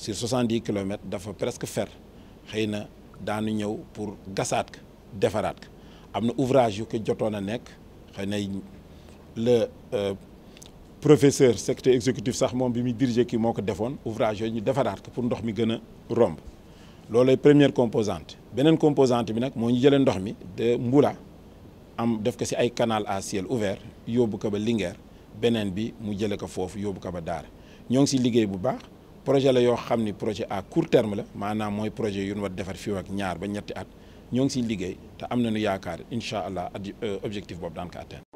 sur 70 km dafa presque fer xëy na daanu ñëw pour gasaat ko defaraat ko ouvrage yu ko jotoon a nekk le euh, professeur secrétaire exécutif sax moom bi qui diriger kii moo ouvrage yooyu ñu defaraat pour ndox mi gën a romb loolooy première composante Benen composante bi nag moo ñu jëlee ndox mi de Mbula am def ko ci ay canal à ciel ouvert yobuka ko ba Linguère beneen bi mu jëlee ko foofu yóbbu ko ba Daara ñoo ngi ci liggéey bu baax. projet la yo xamni projet à court terme la manam moy projet yu ñu war defar fi wak ñaar ba ñetti at ñoo ngi ci liggéey te am nañu yaakaar inshallah allah objectif boobu daan ko atteindre.